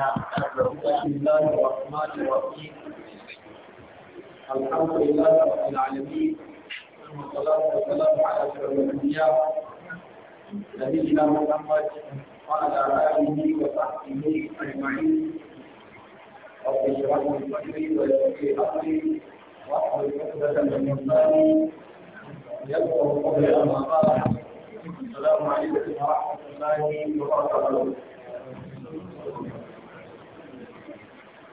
بسم الله الرحمن الرحيم الحمد لله رب العالمين والصلاة والسلام على أشرف الأنبياء نبينا محمد وعلى آله وصحبه أجمعين رب اشرح لي صدري ويسر لي أمري واحلل عقدة من لساني يفقه قولي أما قال السلام عليكم ورحمة الله وبركاته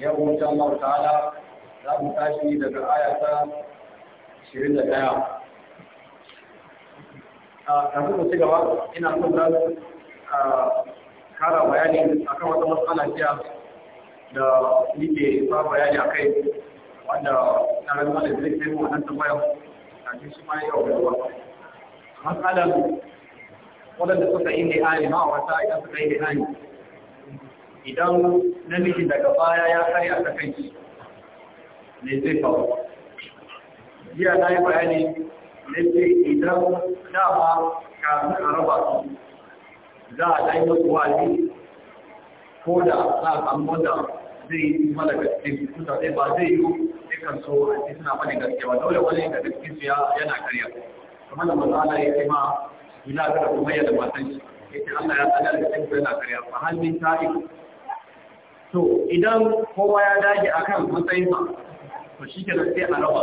yau insha Allah ta'ala za mu tashi daga ayata 21 kafin mu ci gaba ina son za su kara bayani a kan wata matsala jiya da nike ba bayani a kai wanda na rarraba da zai kai wannan tambayar a cikin shi ma yau da ruwa matsalan waɗanda suka yi ne ma a wata idan suka yi lihani idan namiji daga baya ya karya a kai ne zai faru jiya na yi bayani ne zai idan dama kafin a raba su za a ɗan yi wali ko da za a samu da zai yi mana gaske kusa zai ba zai yi dukkan so a suna mana gaske ba dole wani da gaske su yana karya kamar da matsala ya ce ma ina ga kuma yadda matan shi yake Allah ya tsada da cikin yana karya fa hannun to idan kowa ya dage akan matsayinsa to shi ke sai a raba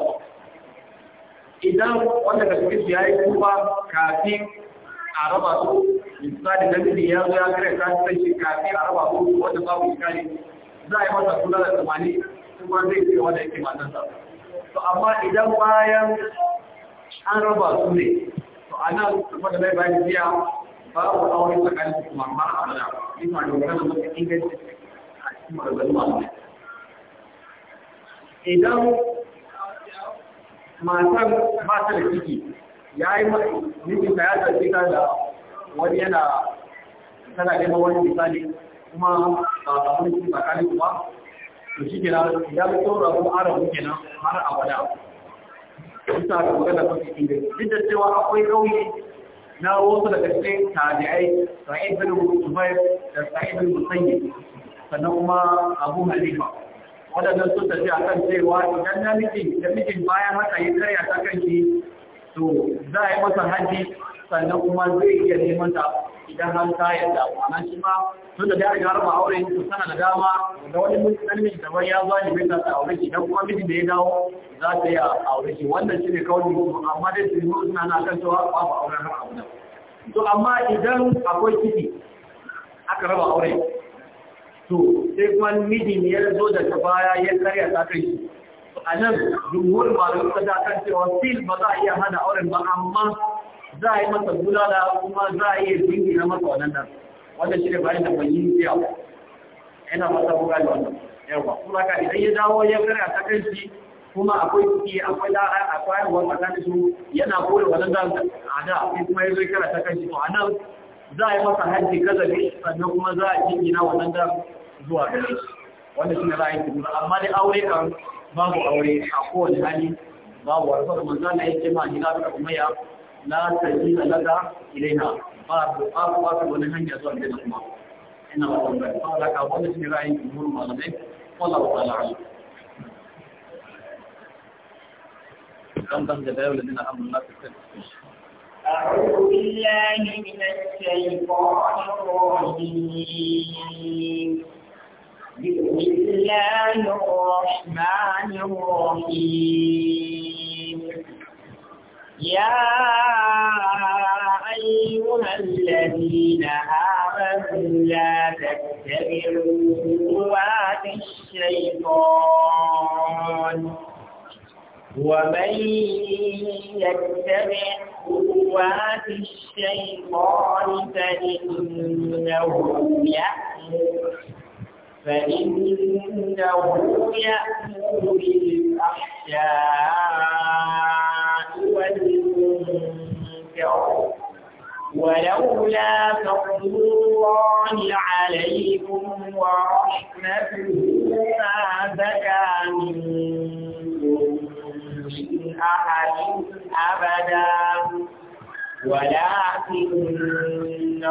idan wanda ka cikin ya yi kuma kafin a raba su misali na miji ya zo ya kare ta sai shi kafin a raba su wanda babu iskali za a yi masa kula da tsamani kuma zai ce wanda yake matansa to amma idan bayan an raba su ne to a nan kuma da mai bayan biya babu aure tsakanin kuma mara abada ina da wani inganci idan matan mata da ciki ya yi mijinta ya zarfi ta da wani yana tana neman wani misali kuma a wani ciki tsakani kuma to shi kira ya fi tsoro ko arabu kenan har a abada bisa ga magana mafi inganci duk da cewa akwai ƙauye na wasu daga cikin tabi'ai sa'id bin zubair da sa'id bin sannan kuma abu halifa waɗannan sun tafi a kan cewa idan da namijin bayan haka ya karya ta kanki to za a yi masa hajji sannan kuma zai iya neman ta idan har ta yadda wannan shi ma tun da ya riga harba aure su sana da dama da wani musulmi da wani ya zani mai ta aure shi dan kuma mijin da ya dawo za ta yi aure shi wannan shine kawai amma dai su mu suna na kan cewa babu auren har abu to amma idan akwai kiti aka raba aure to sai kuma midin ya zo da ta baya ya karya ta kai a nan jumhur malu ta kan cewa fil ba za a iya hana auren ba amma za a yi masa bulala kuma za a iya jingina masa wannan nan wannan shi ne bayan da bayin yi jiya yana masa buga da wannan yawa kuma ka idan ya dawo ya karya ta kai shi kuma akwai kuɗi akwai la'a akwai wannan tsakanin su yana kore wannan da a da kuma ya zo ya karya ta shi to a nan za a yi masa hajji gazabi sannan kuma za a jingina wannan da zuwa gare shi wanda shi ne ra'ayin jumhur amma dai aure kan babu aure a kowane hali babu wasu kuma za na yi ma ni lafiya kuma ya la tajina laka ilaina ba ku ba ku ba wani hanya zuwa gare kuma ina ba ta ba ba ka wanda shi ne ra'ayin jumhur malamai wallahu ta'ala kan ban da bayan da na amma na ta أعوذ بالله من الشيطان الرجيم بسم الله الرحمن الرحيم يا أيها الذين آمنوا لا تتبعوا خطوات الشيطان ومن يتبع خطوات الشيطان فإنه يأمر فإنه يأمر بالأحشاء والمنكر ولولا فضل الله عليكم ورحمته ما زكى منكم من أحد أبدا ولكن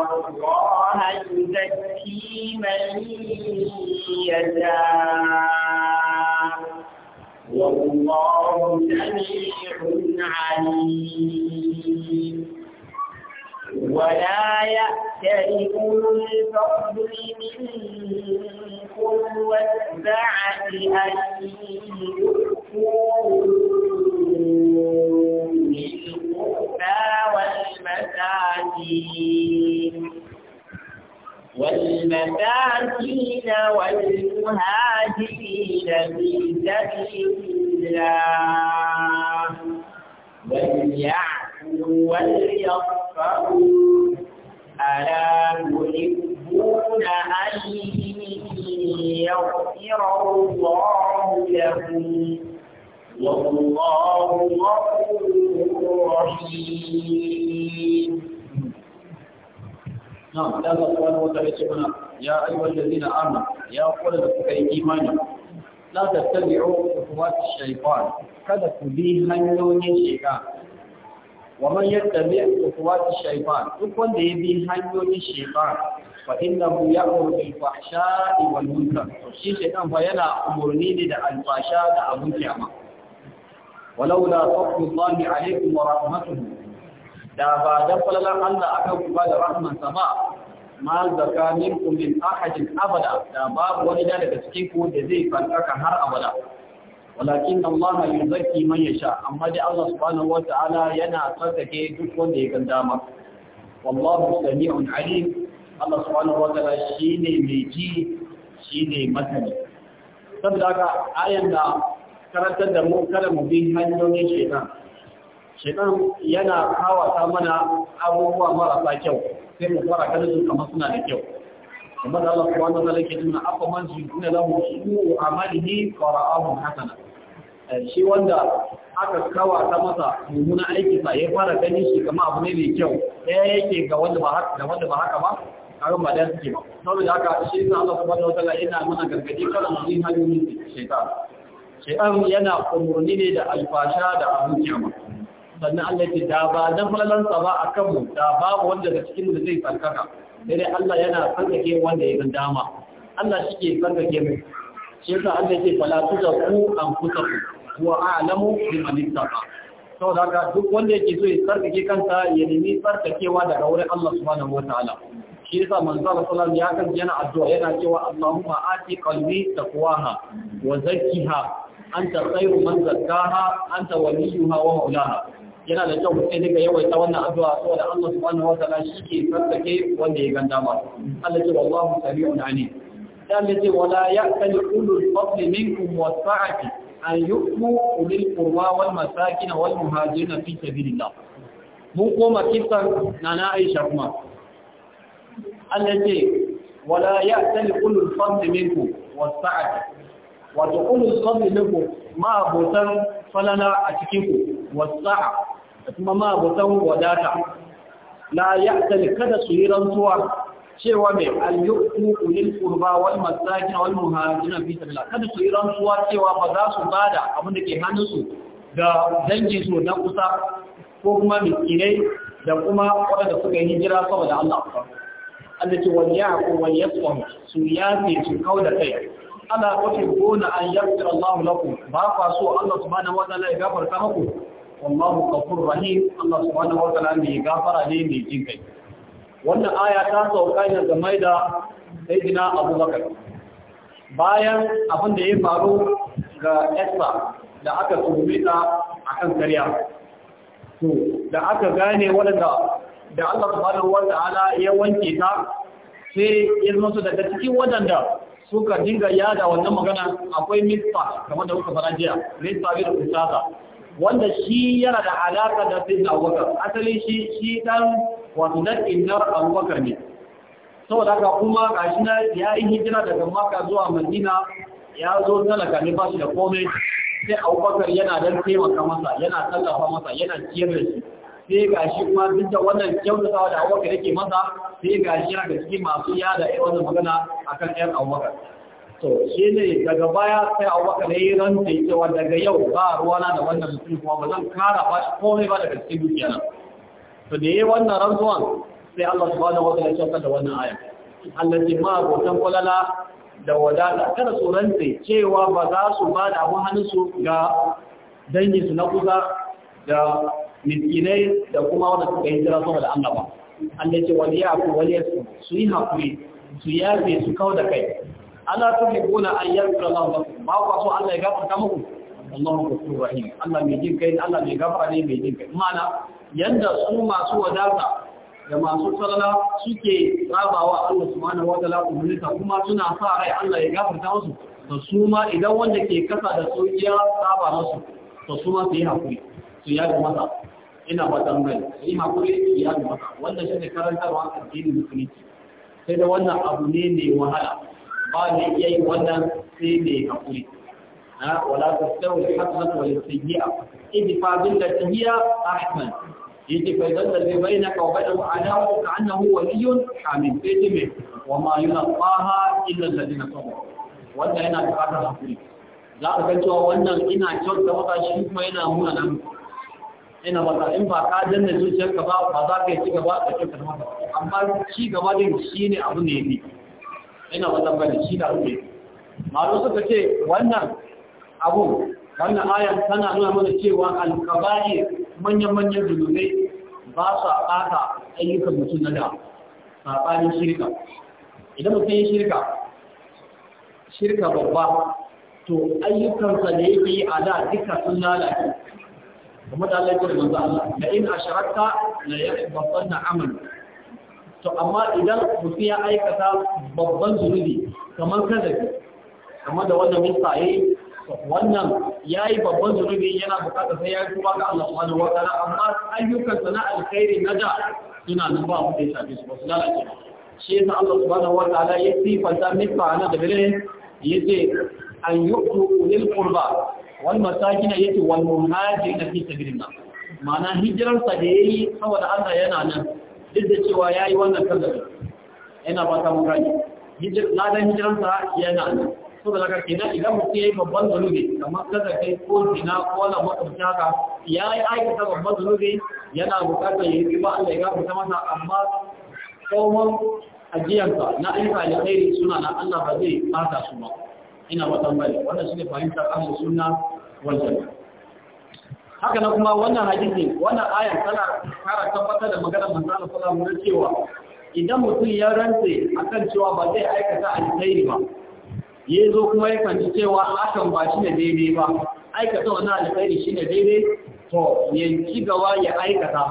الله يزكي من يشاء والله سميع عليم ولا يأتل أولو الفضل منكم والسعة أن يؤتوا والمساكين والمساكين والمهاجرين في سبيل الله وليعفوا وليصفروا ألا تحبون أن يغفر الله لهم والله غفور رحيم نعم الله سبحانه وتعالى يقول يا أيها الذين آمنوا يا قول لك إيمانا لا تتبعوا خطوات الشيطان كذا كبي هنيون الشيطان ومن يتبع خطوات الشيطان تكون بي هنيون الشيطان فإنه يأمر بالفحشاء والمنكر الشيطان فينا أمرني لدى الفحشاء أبو كامل ولولا فضل الله عليكم ورحمته دا با دفل الله الله أكبر بعد رحمة سما ما زكى منكم من أحد أبدا دا باب ولدا لتسكيكو دزي فالكك هر أبدا ولكن الله يزكي من يشاء أما دي الله سبحانه وتعالى ينا تسكي دفن دي قدامك والله سميع عليم الله سبحانه وتعالى شيني ميجي شيني مثلي saboda haka ayan da karantar da mu kada mu bi hanyoyin shekan shaitan yana kawata mana abubuwa marasa kyau sai mu fara kada su kamar suna da kyau kuma da Allah kuwa wa ke nuna afa man shi kuma amali ne fara abu hasana eh, shi wanda aka kawata masa mummuna aiki sa ya fara gani shi kama abu ne mai kyau ɗaya yake ga wanda ba haka da wanda ba haka ba karon ba da suke ba saboda haka shi sa Allah subhanahu wata ina yana mana gargadi kada mu yi hanyoyin shekaru shaitan yana umurni ne da alfasha da abin kyama sannan Allah ce da ba dan falalansa ba a kanmu da babu wanda da cikin da zai tsarkaka sai dai Allah yana tsarkake wanda ya ga dama Allah shi ke tsarkake mai shi yasa Allah ce an kusa ku, wa a'lamu biman ba. sau da haka duk wanda yake so ya tsarkake kanta ya nemi tsarkakewa daga wurin Allah subhanahu wa ta'ala shi yasa manzo Allah sallallahu alaihi wasallam ya kan yana addu'a yana cewa Allahumma ati qalbi taqwaha wa zakkiha anta khairu man zakkaha anta waliyuha wa maulaha yana da kyau sai daga yawaita wannan addu'a saboda Allah subhanahu wataala shike tsarkake wanda ya ganda ba Allah ce wallahu sami'un alim dan ne ce wala ya'tali ulul fadli minkum wasa'ati an yu'mu ulil qurba wal masakin wal muhajirin fi sabilillah mun koma kisan nana Aisha kuma Allah ce wala ya'tali ulul fadli minkum wasa'ati wato ulul fadli lakum ma abotan falala a cikin ku wasa'a da kuma ma'abotan abotan wadata la ya'tali kada su yi rantsuwa cewa mai al kurba, ulil qurba wal masakin wal na fi sabilillah kada su yi rantsuwa cewa ba za su bada abin da ke hannunsu ga dangin su na kusa ko kuma miskinai da kuma waɗanda suka yi jira saboda Allah Allah ce wani ya ko wani ya su yafe su da kai ala tuhibbuna an yaghfira Allahu lakum ba fa so Allah subhanahu wa ta'ala ya gafarta muku wallahu ghafurur rahim Allah subhanahu wa ta'ala ya gafara ne mai jin kai wannan aya ta sauka ne game da sayyidina Abu Bakar bayan abin da ya faru ga Esther da aka tuhume a akan karya to da aka gane wadanda da Allah subhanahu wa ta'ala ya wanke ta sai ya zama su daga cikin wadanda suka dinga yada wannan magana akwai mispa kamar da kuka fara jiya mispa bin usasa wanda shi yana da alaka da da abubakar asali shi shi dan wato dan innar abubakar ne saboda haka kuma gashi na ya yi hijira daga maka zuwa madina ya zo talaka ne ba shi da komai sai abubakar yana dan taimaka masa yana tallafa masa yana ciyar da shi sai ga shi kuma duk da wannan kyautatawa da abubakar yake masa sai ga shi yana da masu yada irin wannan magana akan ɗan abubakar to shi ne daga baya sai abubakar ya yi ranta ya cewa daga yau ba ruwana da wannan mutum kuma ba zan kara ba shi komai ba daga cikin dukiya na to da ya yi wannan rantsuwan sai Allah subhanahu wa ta'ala ya saukar da wannan aya Allah ji ma abokan kwalala da wadata kada su rantsa cewa ba za su ba da abun su ga dangin su na kusa da miskinai da kuma wanda suka yi jira saboda Allah ba Allah ce wani ya ku wani su su yi haƙuri su yafe su kau da kai Allah ta bi gona an yarda Allah ba ba ku so Allah ya gafarta muku Allahu ghafurur rahim Allah mai jin kai Allah mai gafara ne mai jin kai mana yanda su masu wadata da masu tsalla suke tsabawa Allah subhanahu wataala umurta kuma suna sa rai Allah ya gafarta musu to su ma idan wanda ke kasa da sojiya tsaba musu to su ma su yi haƙuri su yaga masa ina watan bai yi hakuri ya bi maka wannan shine karantarwa addinin musulunci sai da wannan abu ne mai wahala ba ne iya yi wannan sai mai hakuri ha wala tasawu al-hasanatu wal sayyi'a idfa bil lati hiya ahsan yace fa idan da zai bayyana ka wa adamu ka annahu waliyyun hamid sai ce me wa ma yulqaha illa alladhina sabaru wannan yana bukatar hakuri za ka ga cewa wannan ina kyauta wata shi kuma yana muna nan ina mata in ba ka danna zuciyarka ba ba za ka yi ci gaba da kyau kalmar amma ci gaba din shi ne abu ne yafi ina mata ba shi da abu ne malu suka ce wannan abu wannan ayan tana nuna mana cewa alkaba'i manyan manyan zunubai ba sa ƙata ayyukan mutum na da saɓanin shirka idan mutum ya shirka shirka babba to ayyukansa da yake yi a da duka sun lalace kuma da Allah ya manzo Allah la in asharakta la yahbatanna amal to amma idan mutu ya aikata babban zunubi kamar kazafi kamar da wannan yi, to wannan yayi babban zunubi yana bukata sai ya tuba ga Allah subhanahu wa ta'ala amma ayyukan sana alkhairi na da suna nan ba mu da shafi su ba su lalace shi yasa Allah subhanahu wa ta'ala ya sifanta mista na da bire yace an yuqtu lil qurba wal masakin yace wal muhajirin fi sabilillah ma'ana hijirar sa da yayi saboda Allah yana nan duk da cewa yayi wannan kaza yana ba ta mun gani hijir ladan hijirar sa yana nan saboda haka kenan idan mutum yayi babban zalubi kamar kaza kai ko zina ko la mutunta ka yayi aikata babban zalubi yana bukatar yayi ba Allah ya gafarta masa amma tsawon ajiyarsa na ayyuka alkhairi suna na Allah ba zai fata su ba ina watan wanda shi ne fahimtar ahlus suna wal haka na kuma wannan hadisi wannan ayan tana kara tabbatar da maganar manzo Allah sallallahu alaihi cewa idan mutum ya rantse akan cewa ba zai aikata alkhairi ba ya zo kuma ya kanci cewa hakan ba shi ne daidai ba aikata wannan alkhairi shi ne daidai to ya ci gaba ya aikata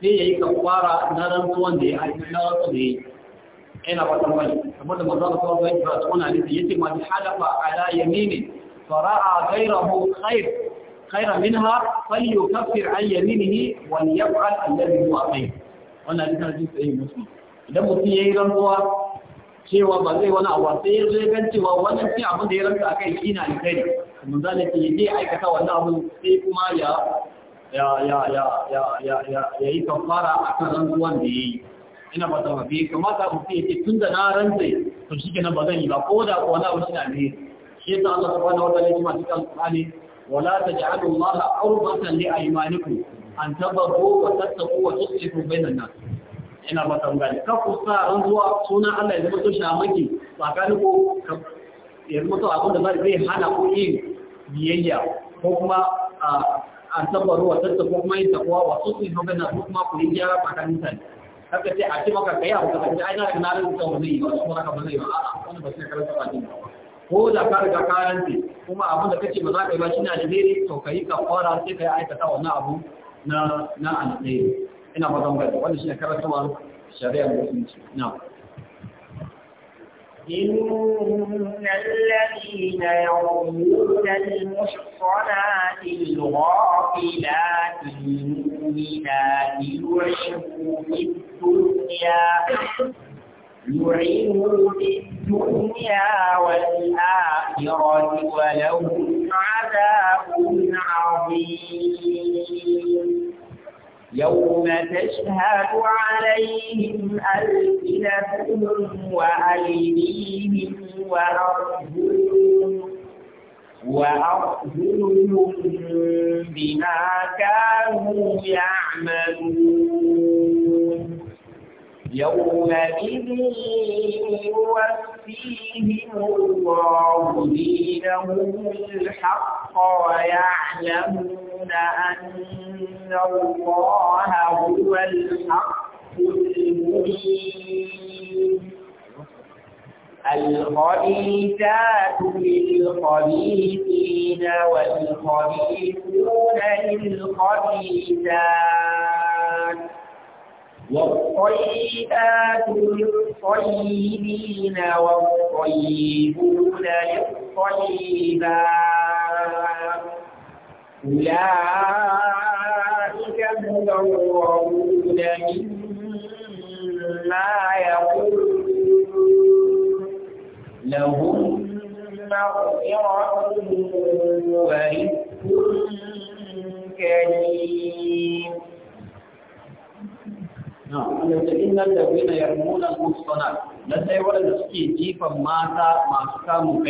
sai ya yi kafara na rantsuwan da ya aikata na wasu da ina wata mai saboda manzo Allah sallallahu alaihi wasallam hadisi yace ma halafa ala yamini fara'a ghayrahu khair khayra minha falyukaffir an yaminihi wa yaf'al alladhi huwa khair wannan hadisi sai muslim idan mutum yayi rantsuwa cewa ba zai wani abu sai ya zo gan cewa wannan sai abin da ya rantsa akai shi na alkhairi mun zane ce yaje aikata wannan abu sai kuma ya ya ya ya ya ya ya yi kafara akan rantsuwan da yayi ina ba ta wafi kamata mutum yake tun da na rantse to shi kenan ba zan yi ba ko da ko wani abu shi ne shi yasa Allah ta wa ta'ala ya kuma cikin alƙur'ani wala abin taj'alu Allah arbatan li aymanikum an tabarru wa tattaqu wa ko bainan nan ina ba ta ngani ka kusa sa ran zuwa sunan Allah ya zama to shamaki tsakanin ko ya zama to abin da zai hana ku yin biyayya ko kuma an tabarru wa tattaqu kuma yin takwa wa tuslihu bainan nas kuma ku yi gyara tsakanin mutane haka ce a ce maka kai abu ka ce ai na ga na rubuta wani ba kuma ka ba zai ba a'a wani ba sai karanta ba din ko da ka riga ka rantsi kuma abin da kace ba za ka yi ba shine alheri to kai ka fara sai kai aikata wannan abu na na alheri ina ba zan gaji wannan shine karantawar shari'ar musulunci na'am إن الذين يرمون المحصنات الغافلات المؤمنات يعرفوا مثل الدنيا يعينه في الدنيا والآخرة ولهم عذاب عظيم يوم تشهد عليهم ألسنتهم وأيديهم وأرجلهم وأرجلهم بما كانوا يعملون يومئذ يوفيهم الله دينهم الحق ويعلمون أن الله هو الحق المبين الخبيثات للخبيثين والخبيثون للخبيثات والطيبات للطيبين والطيبون للطيبات أولئك مبرون مما يقولون لهم مغفرة ورزق كريم Allah ce innal ladina al lallai waɗanda suke jifan mata masu kamun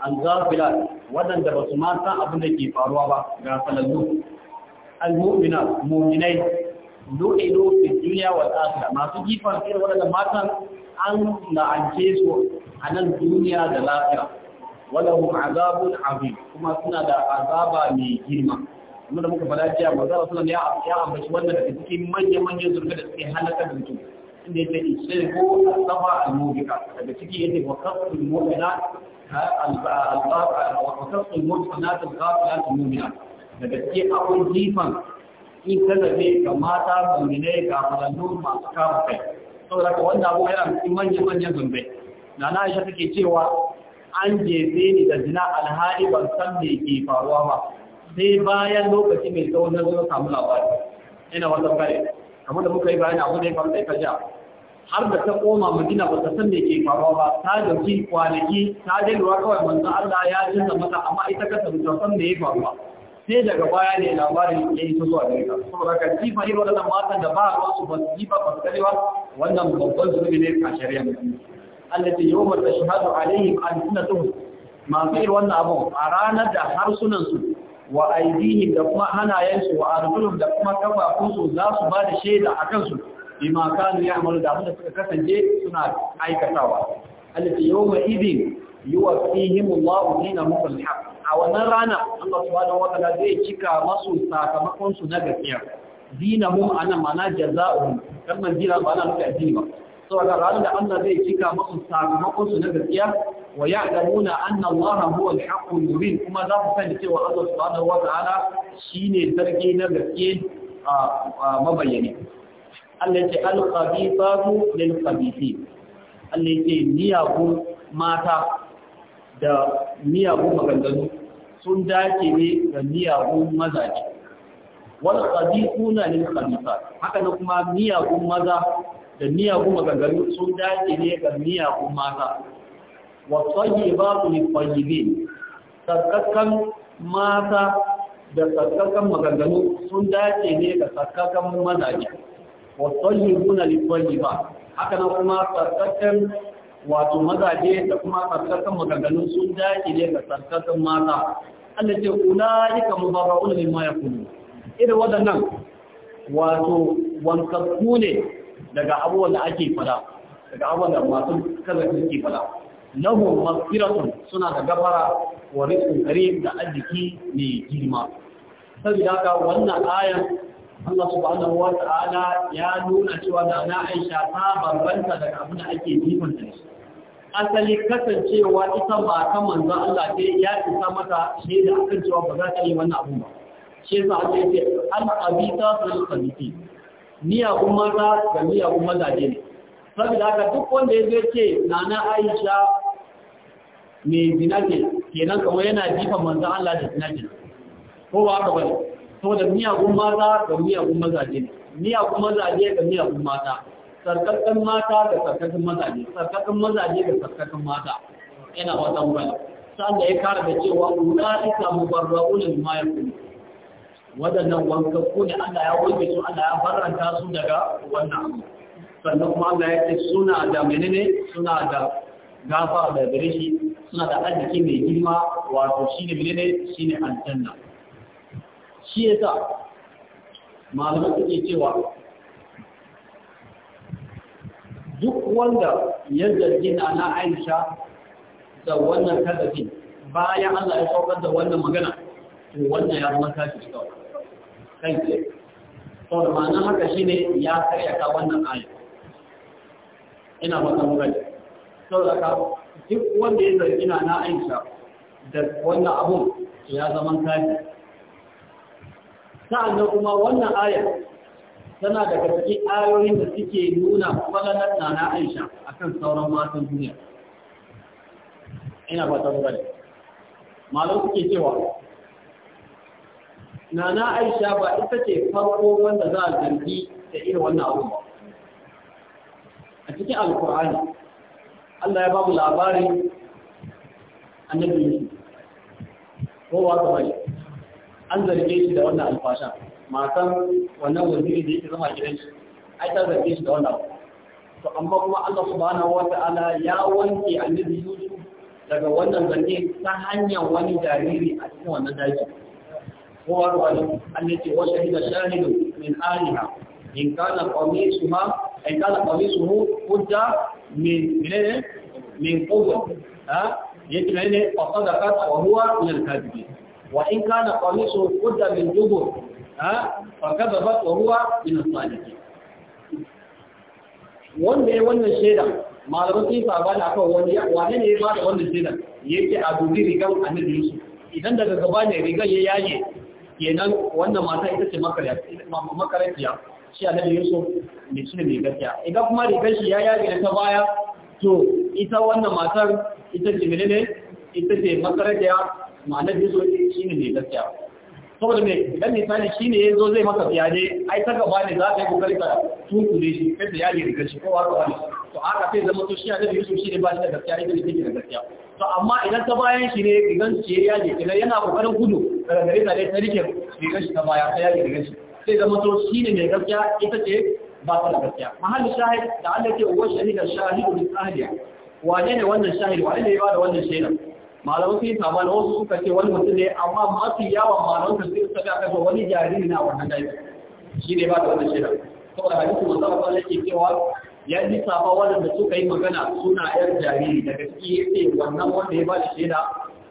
al ba su mata abinda ke faruwa ba ga falallu al-mu'minat mu'minai lu'ilu fi dunya wal masu jifan irin waɗanda matan an la'ance su a nan duniya da lafiya walahum azabun azim kuma suna da azaba mai girma kuma da muka fada jiya ba za sallallahu alaihi ya ambaci wannan daga cikin manya-manyan zurfi da suke halaka da mutum inda yake ishe ko safa al-mubika daga ciki yake wa qasdul mu'mina wa na ta al-ghafilat ta mumina Da gaske akwai jifan in ka zabe ga mata mu'mine ga farallu masu kama kai saboda ka wanda abu yana cikin manya-manyan zurfi na na Aisha take cewa an jefe ni da zina alhali ban san me ke faruwa ba sai bayan lokaci mai tsawo na zo samu labari ina wata kare kamar da muka yi bayan abu da ya faru da ita ja har da ta koma madina ba ta san me ke faruwa ba ta dauki kwanaki ta dalwa kawai manzo Allah ya jinda mata amma ita ka san ta san me ya faruwa. sai daga baya ne labarin ya yi zuwa da ita saboda ka ji fa irin wannan matan da ba a su ba su ji ba ba su kare wannan babban zurbi ne a shari'a allati yawma tashhadu alaihim alsinatuhum ma fi wannan abu a ranar da harsunan su wa aidihim da kuma hannayensu wa arjulum da kuma kafafunsu za su ba da shaida a kansu bima kanu ya'malu da abinda suka kasance suna aikatawa allati yawma idin yuwaffihim Allahu dinahum al-haq a wannan rana Allah subhanahu wa ta'ala zai cika masu sakamakonsu na gaskiya a nan mana jazaa'uhum kalman dina ba na nufi addini ba saboda ranar da Allah zai cika masu sakamakonsu na gaskiya wa ya'lamuna anna Allah huwa al-haqqu mubin kuma za ku sani cewa Allah subhanahu wa ta'ala shine sarki na gaske a mabayyane Allah ce al-qabithatu lil-qabithin Allah ce miyagun mata da miyagun maganganu sun dace ne ga miyagun mazaje wal qabithuna lil-qabithat haka ne kuma miyagun maza da miyagun maganganu sun dace ne ga miyagun mata ba والطيبات bi tsarkakan mata da tsarkakan maganganu sun dace ne da tsarkakan mazaje wasoyi guna lifanni ba haka na kuma tsarkakan wato mazaje da kuma tsarkakan maganganu sun dace ne da tsarkakan mata Allah ce kula ika ma ya kunu irin waɗannan wato wankakku ne daga abubuwan da ake fada daga abubuwan da masu kaza suke fada lahum maghfiratun suna da gafara wa rizqun karim da arziki mai girma saboda haka wannan kayan. Allah subhanahu wa ta'ala ya nuna cewa da na Aisha ta bambanta daga abin da ake jifan da shi asali kasancewa ita ba ta manzo Allah ce ya isa mata shaida akan cewa ba za ta yi wannan abun ba shi yasa Allah ya ce al-abita fil khabiti miyagun maza da umma mazaje ne saboda haka duk wanda ya ce na na aisha mai zinake kenan kamar yana jifan manzan Allah da zinake ko ba haka bane to da miyagun mata da miyagun mazaje ne miyagun mazaje da miyagun mata sarkakkan mata da sarkakkan mazaje sarkakkan mazaje da sarkakkan mata yana wata wani da ya kara da cewa ulaika mubarrauna mimma yakun wadannan wankan ko ne Allah ya wanke su Allah ya barranta su daga wannan abu sannan kuma Allah ya ce suna da menene suna da gafa da gare shi suna da arziki mai girma wato ne menene ne aljanna shi ya sa, malamai suke cewa duk wanda ya zargi na na Aisha da wannan kadafin bayan Allah ya saukar da wannan magana to wannan ya zama shi kawai kai ce to da ma'ana haka ne ya karyata wannan ayat ina maka magana saboda ka duk wanda ya zargi na na aisha da wannan abun ya zaman kafi sa'annan kuma wannan aya tana daga cikin ayoyin da suke nuna falalar na na aisha kan sauran matan duniya ina ba ta magana malam suke cewa Na Aisha ba ita ce farko wanda za a zargi da irin wannan abu ba. cikin alkur'ani Allah ya ba mu labarin annabi Yusuf ko wa ta bai an zarge shi da wannan alfasha matan wannan waziri da yake zama gidan shi ai ta zarge shi da wannan to amma kuma Allah subhanahu wataala ya wanke annabi Yusuf daga wannan zarge ta hanyar wani jariri a cikin wannan daji ko wa ka bai annabi wa shahida shahidu min aliha in kana qamisuha in kana qamisuhu hujja min minene min quwwa yake ne fa sadaqat wa huwa min al wa in kana qamisu hujja min dubur fa wa huwa min wanda ya wannan shaida malaman sun saba da wani wane ne ya ba da wannan shaida yake a dubi rigan annabi Yusuf idan daga gaba ne rigan ya yaye kenan wannan mata ita ce makarya shi annabi Yusuf mai ne mai gaskiya idan kuma rigar shi ya yage da ta baya to ita wannan matar ita ce menene ita ce makarajiya ma'anar da so shi ne mai gaskiya saboda mai idan misali shi ne yazo zai maka fiyade ai ta gaba ne za ka yi kokari ka tunkule shi kai ta yage rigar shi kowa ka wani to haka sai zama to shi a yi yusuf shi ne ba shi da gaskiya ita ne take da gaskiya to amma idan ta bayan shi ne rigar shi ya yage idan yana kokarin gudu daga gare ta dai ta rike rigar shi ta baya ta yage rigar shi sai zama to shi ne mai gaskiya ita ce ba ta da gaskiya mahallin shahid da Allah ke wa shahidar shahidu bi ahliya wane ne wannan shahid wane ne ya bada wannan shaida malamin sun yi tabbal wasu suka ce wani mutum ne amma masu yawan malamin da sun saka aka wani jariri na wannan dai shi ne ba da wannan shaida saboda hadisi wanda Allah yake cewa ya ji safa wanda suka yi magana suna yar jariri da gaskiya yace wannan wanda ya ba shaida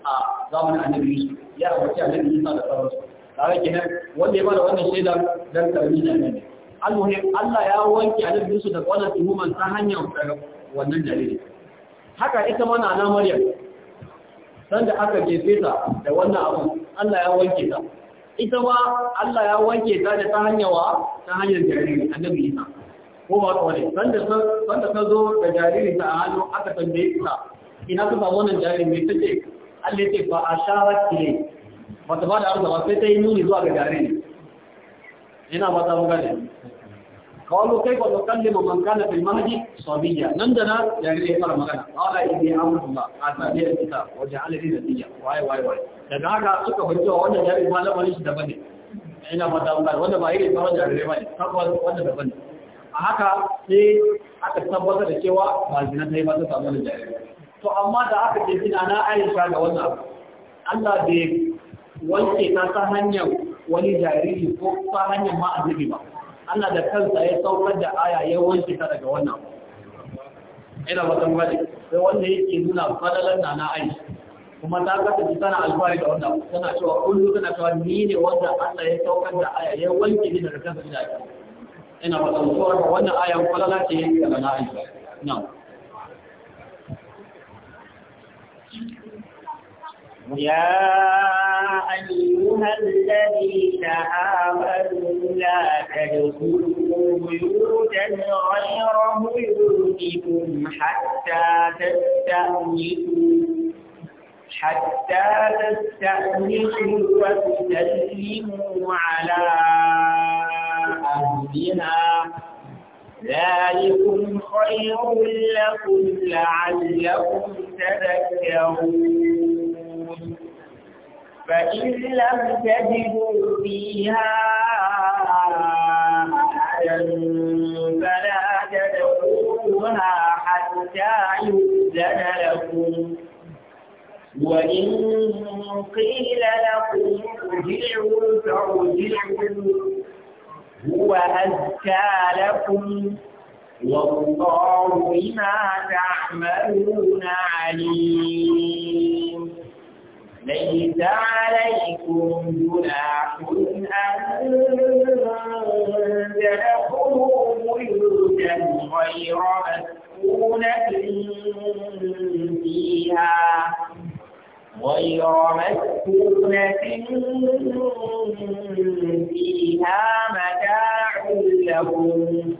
a zamanin annabi Yusuf ya rawaci annabi Isa da sauransu tare kenan wanda ya ba da wannan shaida dan karbi da annabi almuhim Allah ya wanke annabin su daga wannan tuhuman ta hanyar wannan jariri haka ita mana na Maryam sanda aka jefe ta da wannan abu Allah ya wanke ta ita ma Allah ya wanke ta da ta hanyar wa ta hanyar jariri annabi Isa ko ba ta wani sanda sanda ta zo da jariri ta a hannu aka tambaye ta ina ka samu wannan jaririn? mai ta Allah ya ce fa asharat ke wata ba da arzawa sai ta yi nuni zuwa ga jaririn. ina ba ta gane قالوا كيف نكلم من كان في المهدي صبيا نندنا يعني يقرا مغنى قال اني امر الله هذا لي الكتاب وجعلني نبيا واي واي واي daga haka suka hujjo wannan jari malamin shi daban ne ina fata mun wanda ba irin ba wanda jari bane tabbas wanda daban ne a haka sai aka tabbatar da cewa ba zina tai ba ta samu wannan to amma da aka ce zina na Aisha ga wannan abu Allah bai wanke ta ta hanyar wani jariri ko ta hanyar ma annabi ba Allah da kansa ya saukar da aya ya wanke ta daga wannan ina watan bane sai wanda yake nuna fadalan na na aiki. kuma ta kasance tana alfahari da wannan tana cewa kullu tana cewa ni ne wanda Allah ya saukar da aya ya wanke ni daga kansa ina ba watan cewa wannan aya falala ce daga na aisha na'am يا أيها الذين آمنوا لا تدخلوا بيوتا غير بيوتكم حتى تستأنسوا حتى تستأنسوا وتسلموا على أهلها ذلكم خير لكم لعلكم تذكرون فإن لم تجدوا فيها أحدا فلا تدخلوها حتى يؤذن لكم وإن قيل لكم ارجعوا فارجعوا هو أزكى لكم والله بما تعملون عليم ليس عليكم جناح أن تدخلوا بيوتا غير مسكونة فيها غير مسكونة فيها متاع لكم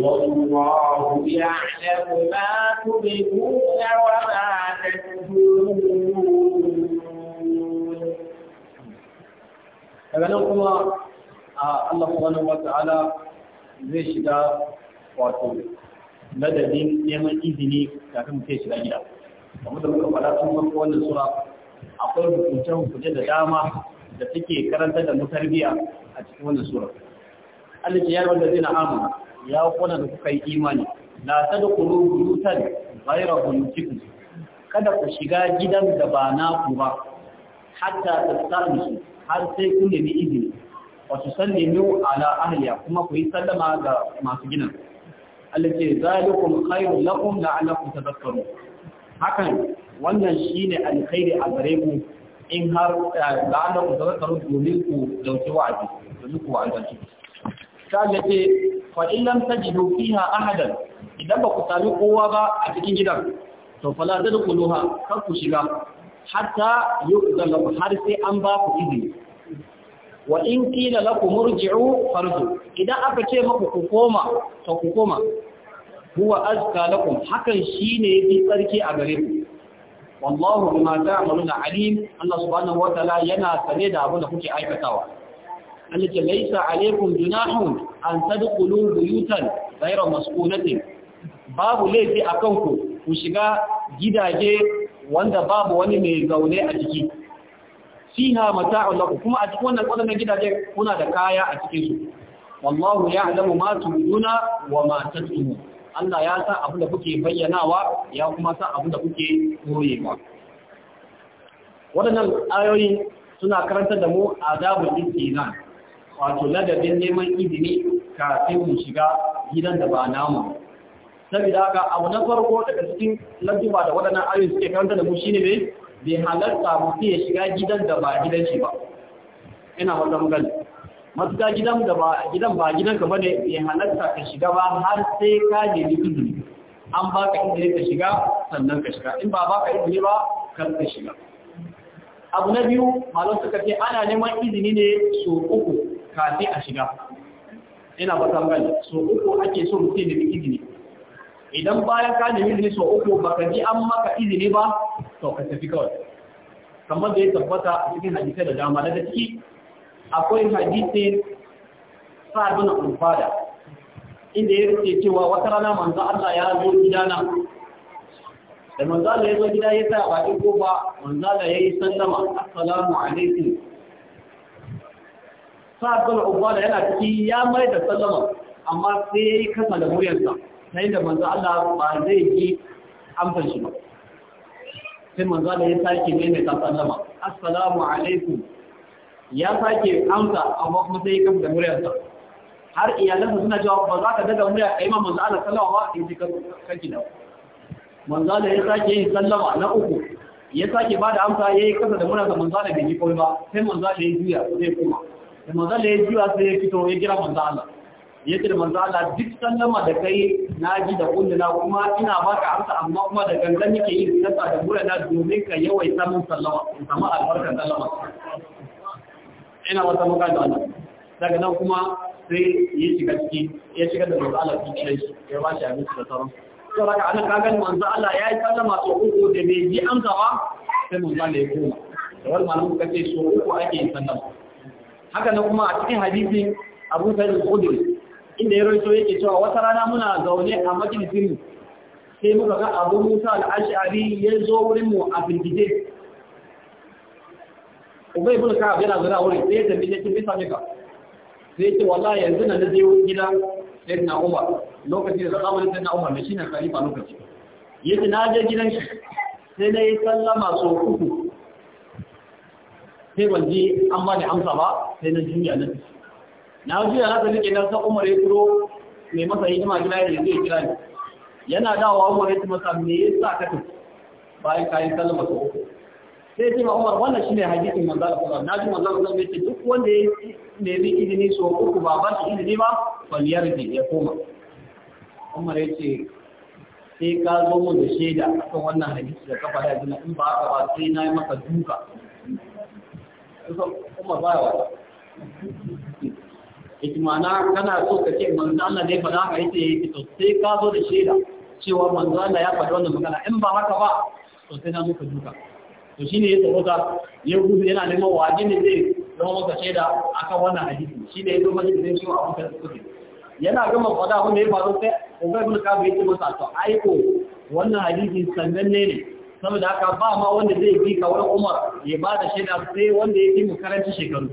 والله يعلم ما تبدون وما تكتمون daga nan kuma Allah subhanahu wa ta'ala zai shiga wato ladabin neman izini kafin mutum shiga gida kamar da muka faɗa tun farko wannan sura akwai hukunce hukunce da dama da take karanta da mu a cikin wannan sura Allah ya yarda da zina ya kona da kuka yi imani la tadkhulu buyutan ghayra buyutikum kada ku shiga gidan da ba na ku ba hatta tasallu har sai ku nemi izini ba su sallimu ala ahliya kuma ku yi sallama ga masu ginin Allah ce zalikum khairul lakum la'allakum tadhakkarun hakan wannan shine alkhairi a gare ku in har eh, la'allakum tadhakkarun domin ku dauki wa'azi domin ku wa'azi ta Allah fa in tajidu fiha ahadan idan ba ku sami kowa ba a cikin gidan to fala tadkhuluha kar ku shiga hatta yu'zal har sai an ba ku izini wa in qila lakum murji'u farzu idan aka ce muku ku koma to ku koma huwa azka lakum hakan shine yafi tsarki a gare ku wallahu bima ta'maluna alim Allah subhanahu wa ta'ala yana sane da abin da kuke aikatawa التي ليس عليكم جناح أن تدخلوا Babu laifi a باب ku ku shiga gidaje. wanda babu wani mai zaune a ciki fiha mata'un lakum kuma a cikin wannan gidaje kuna da kaya a cikin su wallahu ya'lamu ma tubduna wa ma tatmun Allah ya san abin da kuke bayyanawa ya kuma san abin da kuke koyewa wannan ayoyi suna karantar da mu adabul istizan wato ladabin neman izini kafin mu shiga gidan da ba namu saboda haka abu na farko daga cikin lantuba da waɗannan ayoyi suke karanta da mu shine ne bai halarta mutum ya shiga gidan da ba gidan shi ba ina wata magana matuka gidan da ba gidan ba gidan ka bane bai halarta ka shiga ba har sai ka nemi izini an baka izini ka shiga sannan ka shiga in ba baka izini ba kar ka shiga abu na biyu malam suka ce ana neman izini ne su uku kafin a shiga ina ba san gani uku ake so mutum da izini idan bayan ka nemi izini sau uku baka ji an maka izini ba to ka tafi kawai kamar da ya tabbata a cikin hadisai da dama daga ciki akwai hadisai sa'adun alfada inda ya rike cewa wata rana manzo Allah ya zo gidana da manzo Allah ya zo gida ya sa ko ba manzo Allah yi sallama assalamu alaikum sa'adun alfada yana ciki ya mai da sallama amma sai ya yi kasa da muryarsa sai da manzo Allah ba zai ji amfan shi ba sai manzo Allah ya sake ne ta sallama assalamu alaikum ya sake amsa amma kuma sai ya da da muryarsa har sa suna cewa ba za ka daga murya kai ma manzo Allah sallama ba in ji kanki da manzo Allah ya sake yin sallama na uku ya sake ba da amsa ya yi kasa da muryarsa manzo Allah bai ji komai ba sai manzo Allah ya juya sai kuma da manzo Allah ya juya sai ya fito ya kira manzo Allah yake da manzo Allah duk sallama da kai na ji da kulluna kuma ina baka amsa amma kuma da gangan yake yin sallama da na domin ka yawai samun sallama in samu albarkar sallama ina wata muka da Allah daga nan kuma sai ya shiga ciki ya shiga da manzo Allah cikin shi ya ba shi abinci da sauran to daga anan ka gani manzo Allah ya yi sallama so uku da bai ji amsa ba sai manzo Allah ya koma da wani malamu kace so uku ake yin sallama haka nan kuma a cikin hadisi Abu Sa'id al-Khudri inda ya rawaito yake cewa wata rana muna zaune a majalisin sai muka ga Abu Musa al-Ash'ari ya zo wurin mu a firgite Ubay ibn Ka'ab yana zura wurin sai ya tambaye shi bisa mika sai ya ce wallahi yanzu na je gida na Umar lokacin da sai na Umar mai shine khalifa lokaci yace na je gidan shi sai na yi sallama so uku sai ban ji an ba ni amsa ba sai na jinya na tafi na ji da nasa nake nan sai Umar ya turo mai masa hidima gida ya zai kira ni yana dawowa Umar ya masa me yasa ka tafi bayan kayi sallama ta uku sai ya ma Umar wannan shine hadisin manzo Allah sallallahu alaihi wasallam naji manzo Allah yace duk wanda ya nemi izini so uku ba ba shi izini ba fal yarji ya koma Umar ya ce sai ka zo mu da shaida akan wannan hadisi da kafa da jina in ba ka ba sai na yi maka duka Umar baya wata yake ma'ana kana so ka ce manzo Allah ne fada ka yace yake to sai ka zo da shaida cewa manzo Allah ya faɗa wannan magana in ba haka ba to sai na muka duka to shine ya tsoro ya gudu yana neman waje ne zai zama maka shaida akan wannan hadisi shine ya zo majalisin shi Abu Bakar Siddiq yana gama faɗa abin da ya faru sai Umar ibn Ka'ab yake masa to aiko wannan hadisi sannan ne saboda haka ba ma wanda zai bi ka Umar ya ba da shaida sai wanda ya fi mu karanci shekaru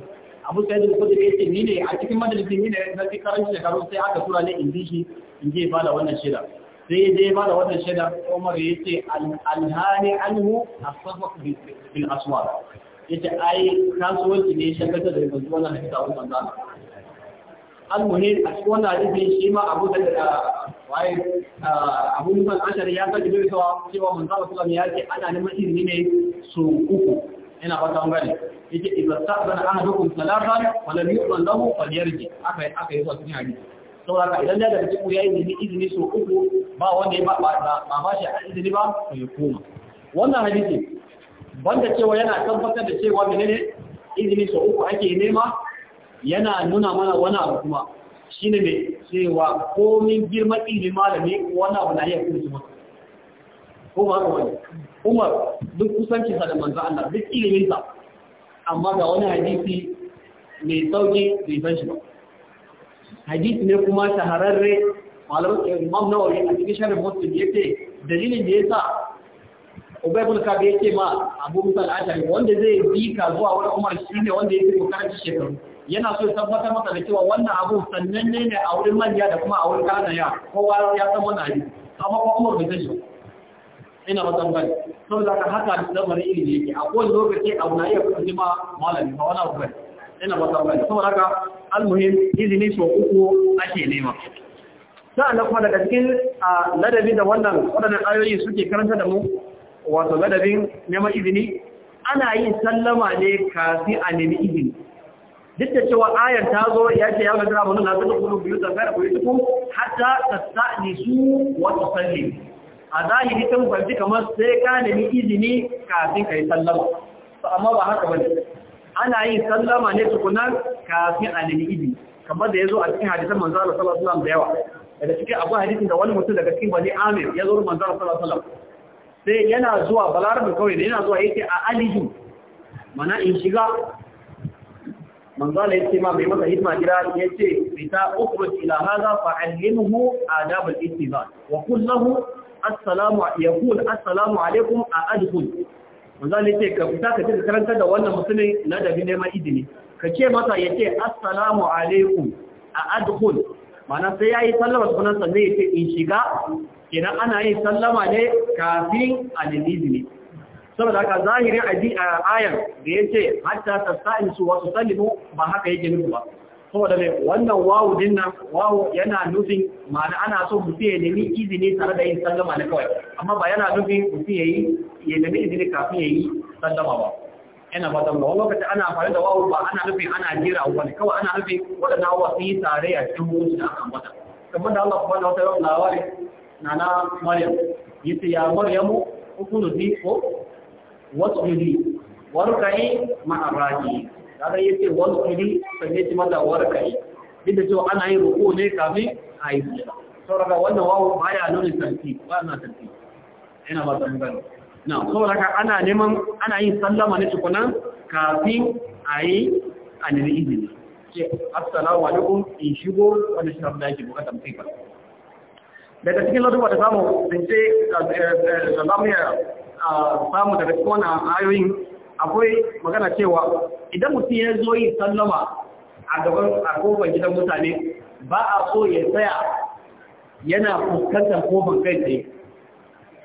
abu sai da kudu ya ce ni ne a cikin majalisi ni ne na fi karanci da karo sai aka tura ne in ji shi in je ba da wannan shida sai ya je ba da wannan shida umar ya ce alhani anhu asfaf bil aswar ya ce ai kasuwanci ne shagata da yanzu wannan hadisi abu manzo almuhim a cikin wannan hadisi shi ma abu da waye abu musan ashari ya sake bai cewa cewa manzo sallallahu alaihi wasallam ya ce ana neman izini ne su uku ina fata an gane yake idan sabana ana hukum salatan wala yuqan lahu yarji aka aka yi wasu ne saboda idan da daga cikin yayi ne izini so uku ba wanda ya ba ba ba shi a izini ba to ya koma wannan hadisi banda cewa yana tabbatar da cewa menene izini so uku ake nema yana nuna mana wani abu kuma shine mai cewa komin girman ilimi malami wani abu na iya kuma ko ba ka Umar duk kusancinsa da manzo Allah duk iliminsa amma ga wani hadisi mai sauƙi da san shi ba hadisi ne kuma shahararre malamin Imam Nawawi a cikin sharh Muslim yace dalilin da yasa Ubay ibn ya yace ma Abu Musa al-Ashari wanda zai bi ka zuwa wani Umar shi ne wanda yake kokarin shekaru yana so ya tabbatar maka da cewa wannan abu sannan ne ne a wurin manya da kuma a wurin kanaya kowa ya san wannan hadisi amma kuma Umar bai san shi ina ba tambaye saboda ka haka lamarin ilimi yake a kowane lokaci abu na iya kusanci nima malami ba wani abu saboda haka almuhim izini so uku ake nema sa'an da kuma daga cikin ladabi da wannan waɗannan ayoyi suke karanta da mu wato ladabin neman izini ana yin sallama ne kafin a nemi izini duk da cewa ayar ta zo ya ce ya gajira wani na zama kuma biyu da gara kuma hatta ta sa'ani su wata salli a zahiri ta mafarci kamar sai ka nemi izini kafin ka yi sallama amma ba haka bane ana yin sallama ne tukunan kafin a nemi izini kamar da ya zo a cikin hadisan manzara sallallahu alaihi da yawa daga cikin abu hadisin da wani mutum daga cikin bani amir ya zo manzara sallallahu alaihi sai yana zuwa balarabin kawai da yana zuwa yake a alihi mana in shiga manzala ce ma mai masa hidima gida Ya yace fita ukhruj ila hadha fa'allimhu adab al-istizan wa kullahu assalamu yaqul assalamu alaikum a adkhul manzo ne ce ka fita ka tafi karanta da wannan mutumin na bi neman izini ka ce masa ya ce assalamu alaikum a adkhul mana sai yayi sallama sunan sannan ya ce in shiga idan ana yin sallama ne kafin al-izini saboda haka zahirin ayan da yace hatta tasaimu wa tusallimu ba haka yake nufi ba saboda mai wannan wawu din nan wawu yana nufin ma'ana ana so mutum ya nemi izini tare da yin sallama ne kawai amma ba yana nufin mutum ya yi ya nemi izini kafin ya yi sallama ba yana fatan ba wani lokaci ana amfani da wawu ba ana nufin ana jira wani kawai ana nufin waɗanda wa sun yi tare a cikin hukunci da aka mata kamar da Allah subhanahu wa ta'ala lawari na na Maryam yace ya Maryamu ziko ko wasjudi warka'i ma'a raji'in kada yake wani kuri sanne ci mata warkai duk da cewa ana yin ruku ne kafin a yi sujada saboda wannan wawo baya nuna tarti ba na tarti ina ba san gano na saboda ana neman ana yin sallama ne tukunan kafin a yi a nemi izini ce assalamu alaikum in shigo wani shi da yake bukatan Da daga cikin ba ta samu sun ce da zamu eh, eh, ya ah, samu daga cikin wani ayoyin akwai magana cewa idan mutum ya zo yi sallama a gaban kofar gidan mutane ba a so ya tsaya yana fuskantar kofar kai tsaye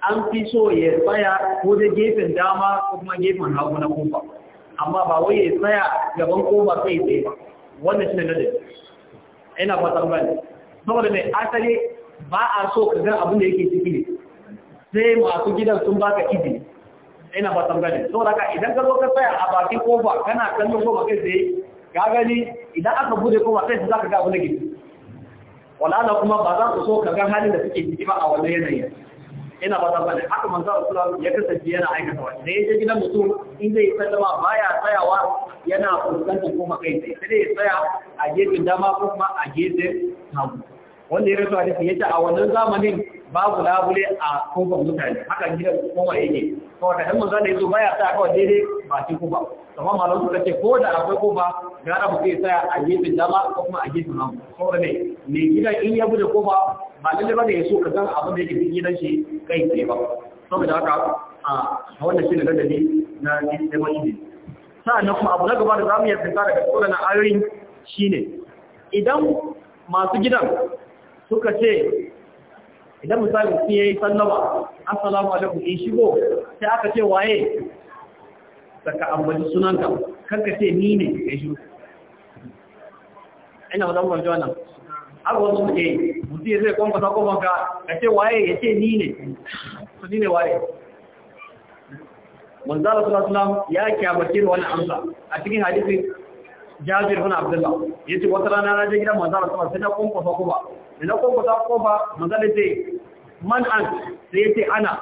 an fi so ya tsaya ko da gefen dama ko kuma gefen hagu na kofa amma ba wai ya tsaya gaban kofa kai tsaye ba wannan shi ne na yana ina fatan bane saboda mai asali ba a so ka ga abin da yake ciki ne sai masu gidan sun baka izini ina ba san gani saboda ka idan ka zo ka tsaya a bakin kofa kana kallon ba kai sai ka gani idan aka bude kofa kai sai zaka ga abin da ke wala kuma ba za ku so ka ga halin da suke ciki ba a wannan yanayi ina ba zan bane haka manzo Allah ya kasance yana aikata wani da yaje gidan mutum in zai ba baya tsayawa yana fuskantar koma kai sai sai ya tsaya a gefen dama ko kuma a gefen hagu wanda ya rasu hadisi ce a wannan zamanin babu labule a kofar mutane hakan gidan Kuma yake kawai da dan manzo da yazo baya sa kawai daidai ba shi kofa kuma malamu suka ce ko da akwai kofa gara mu ya tsaya a gefen dama ko kuma a gefen hagu saboda ne me gidan in ya bude kofa ba lalle ba da so ka san abin da yake cikin gidan shi kai tsaye ba saboda haka a wannan shi ne gadadi na neman ilimi sa'annan kuma abu na gaba da zamu iya tsara daga kowane ayoyin shine idan masu gidan suka ce idan misali su ya yi sallama asalamu alaikum in shigo sai aka ce waye saka ambaci sunanka kanka ce ni ne ya shigo ina wadda mafi wannan har wasu muke mutum ya zai kwamfata kwamfanka ka ce waye ya ce ni ne su ni ne waye manzara sallallahu ya kyamace wani amsa a cikin hadisin jabir ibn abdullah yace wata rana na je gidan manzo Allah sai na kunkusa kuma ni na ta kofa manzo ne sai man an sai yace ana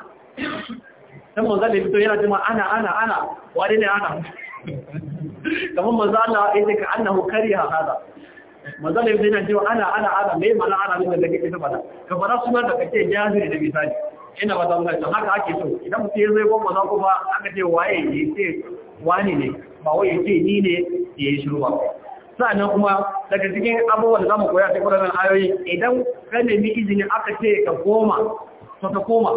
sai manzo ne fito yana cewa ana ana ana wani ne ana kamar manzo Allah yace ka annahu kariha hada manzo ne yana cewa ana ana ana me mana ana ne da kake fada ka fara sunan da kake jabir da misali ina ba zan ga haka ake so idan mutum ya zai goma za kuma aka ce waye ne ce wani ne ba waye ce ni ne ya yi shiru ba sa'annan kuma daga cikin abubuwan da zamu koya cikin wadannan ayoyi idan ka nemi izini aka ce ka koma to ka koma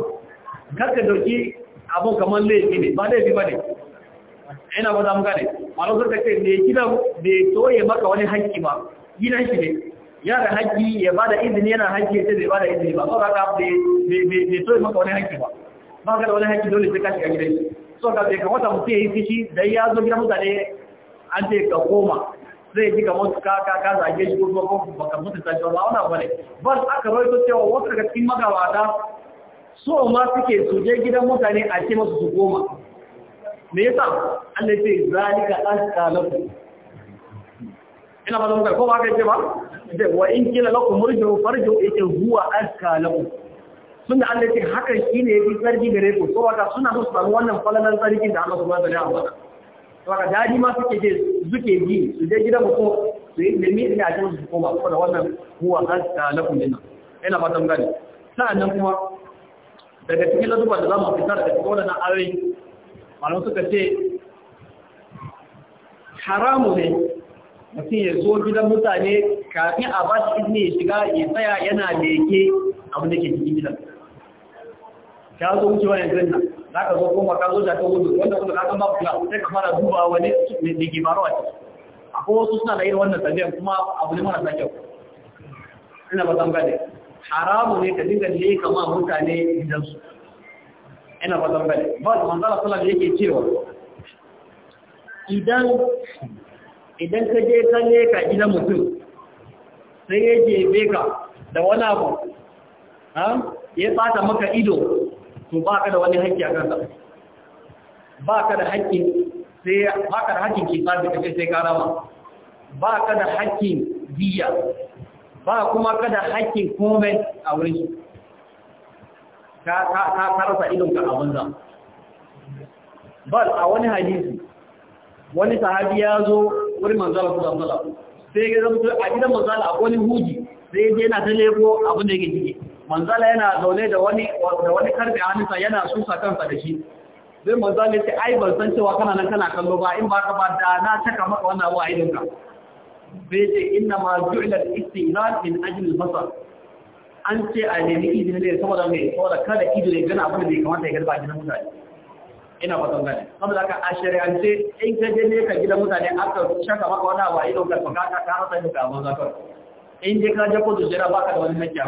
kar dauki abu kamar laifi ba laifi ba ne ina ba za mu gane malam sun kace ne gidan bai toye maka wani haƙƙi ba gidan shi ne ya da haƙƙi ya ba da izini yana haƙƙi ya bai ba da izini ba ba ka ka bai toye maka wani haƙƙi ba ba ka da wani haƙƙi dole sai ka shiga gidan shi so ka ce ka wata mutum ya yi fishi da ya zo gidan mutane an ce ka koma zai ji kamar su kaka ka zage shi ko ko baka mutu ta jawla wala bane bas aka to cewa wata daga cikin magabata so ma suke su je gidan mutane a ce masu su koma me yasa Allah ce zalika azka lakum ina ba zan ko ba ka ce ba da wa in kila lakum murji'u farji'u ita huwa azka lakum sun da Allah ce hakan shine yafi sarki gare ku wata suna musu su wannan falalan sarkin da Allah subhanahu wa ta'ala to daji ma suke je suke ji su je gida mu ko su yi ilimi a cikin su koma kuma da wannan huwa hasta lakum dinna ina fatan gani sa'annan kuma daga cikin ladubar da zamu fita da cikin wannan ayoyi malamu suka ce haramu ne mutum ya zo gidan mutane kafin a ba shi izini ya shiga ya tsaya yana leke abin da ke cikin gidan ka zo wucewa girin nan za ka zo kuma ka zo da ka gudu wanda kuma ka san babu kula sai ka fara duba wani da ke faruwa ce akwai wasu suna da irin wannan tabiyan kuma abu ne marasa kyau ina ba san gane haramu ne ka dinga ne kama mutane gidansu ina ba san gane ba da manzala sallallahu yake cewa idan idan ka je ka leka gidan mutum sai ya jebe ka da wani abu ya fata maka ido to ba ka da wani haƙƙi a kan kansa ba ka da haƙƙi sai ba ka da haƙƙin ki da kace sai ka rama ba ka da haƙƙin biya ba kuma ka da haƙƙin komai a wurin shi ka ka ka karasa idon ka abin da bal a wani hadisi wani sahabi ya zo wurin manzo Allah sallallahu alaihi wasallam sai ya zama a gidan manzo Allah akwai wani huji sai ya je na ta lebo abin da yake jike manzala yana zaune da wani da wani karbe hannunsa yana susa kansa da shi zai manzala ce ai ban san cewa kana nan kana kallo ba in ba ka ba da na taka maka wannan abu a idonka bai ce inna ma ju'ila al-istinad min ajli al-basar an ce a ne ni izini ne saboda me saboda kada ido ne gana abin da ya kamata ya garba a gidan mutane ina fatan gane saboda ka a shari'ance in ka je ne ka gidan mutane aka shaka maka wannan abu a idonka ka ka ka rasa yin ka abin zakar in dai ka je kotu jira baka da wani hakki a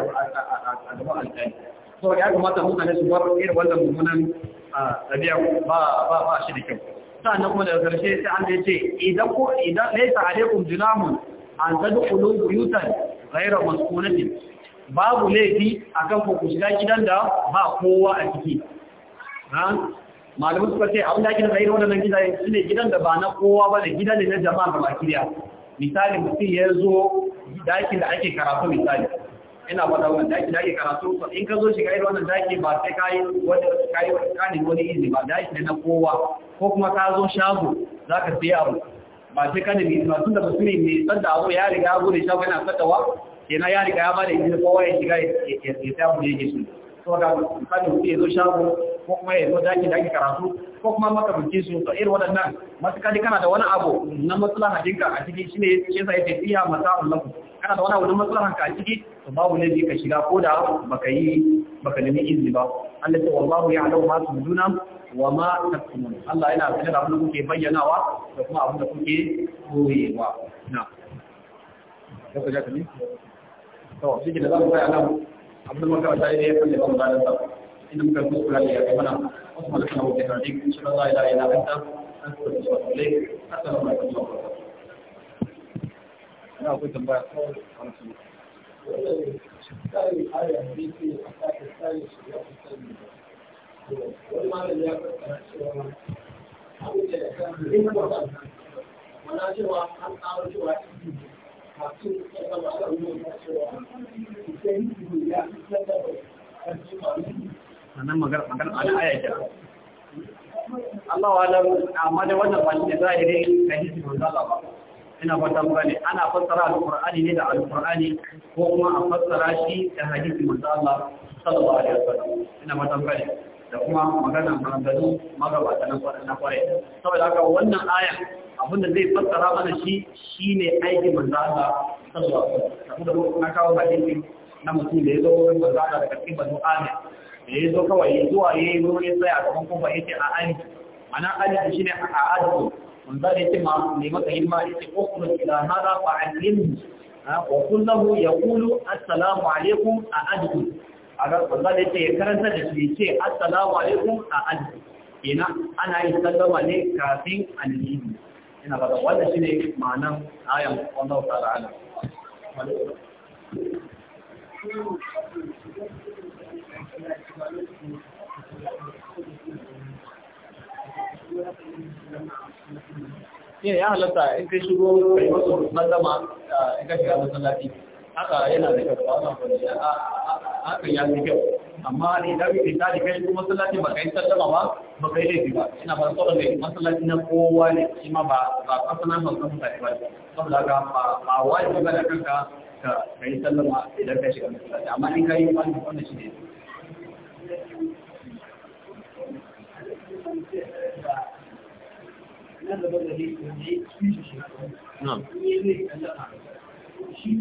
gaban alƙali so ya kamata mutane su bar irin wannan mummunan ɗabi'a ba ba shi da kyau sannan kuma daga ƙarshe sai an ce idan ko idan laysa alaikum junahun an tadkhulu buyutan ghayra maskunatin babu laifi kan ku shiga gidan da ba kowa a ciki malamin suka ce abin da ake da irin waɗannan gidaje su ne gidan da ba na kowa ba da gidan ne na jama'a ga bakiriya misali mutum ya zo dakin da ake karatu misali ina fata wannan dakin da ake karatu in ka zo shiga irin wannan dakin ba sai ka yi wani ka yi wani wani izini ba dakin ne na kowa ko kuma ka zo shago zaka sai abu ba sai ka nemi izini ba tunda musulmi ne da abu ya riga abu shago yana sadawa kenan ya riga ya bada izini kowa ya shiga ya da yake so to ya zo shago ko kuma ya zo daki daki karatu ko kuma makamancin su to irin waɗannan matuƙa dai na a ciki yake fiya kana da wani abu na maslaha ka a ciki to babu ne ka shiga ko da baka yi baka nemi izini ba Allah ta wallahu ya'lamu ma wa ma taktumun Allah yana da abin da kuke bayyanawa da kuma abin da kuke koyewa na Yau ka ja ne? To, shi ke da za mu alamu abdul makar ta yi ya kalle ban zalar sa inda muka yi kuskura ne ya kai mana wasu malakan abu da ya rarrik shi na zai da ya lakanta an su da su wasu lai har sanar da kuma na akwai tambaya kawai a wasu wani malami ya karkara cewa abin da ya kan rikin wata mana cewa an tsaro cewa sannan magana ana aya Allah wa alam amma da wannan ba shi zahiri ga hadisi manzo Allah ba ina fata mun gane ana fassara alqur'ani ne da alqur'ani ko kuma a fassara shi da hadisi manzo Allah sallallahu alaihi wasallam ina fata mun gane da kuma magana manzo magabata na kwarai saboda haka wannan aya abin da zai fassara mana shi shine aikin manzo Allah sallallahu alaihi wasallam na kawo hadisi na mutum da ya zo wurin manzo da daga cikin banu Amir da ya zo kawai zuwa ya yi wurin tsaye a kan kofa ce a ali ana shi ne a adu manzo ya ce ma ne maka himma yace ukhruj ila hada Na wa kullahu kulu assalamu alaikum a adu a ga manzo da yace ya karanta da shi ce, assalamu alaikum a adu ina ana yi sallama ne kafin alhiji ina ba wannan shine ma'anan ayan wallahu ta'ala alam ya halatta in kai shigo kai wasu sallama eh, in ka shiga masallaci haka yana da kyau amma ne da bi ta da kai masallaci baka yi sallama ba baka yi laifi ba ina ba saboda ne masallaci na kowa ne shi ma ba ba kasana ba ba saboda ba ba wajibi ba da kanka ka kai sallama idan shiga masallaci amma in kai ba wannan shi ne Nan da ba da ne, ne, ne, ne, ne, ne, ne, ne, ne, idan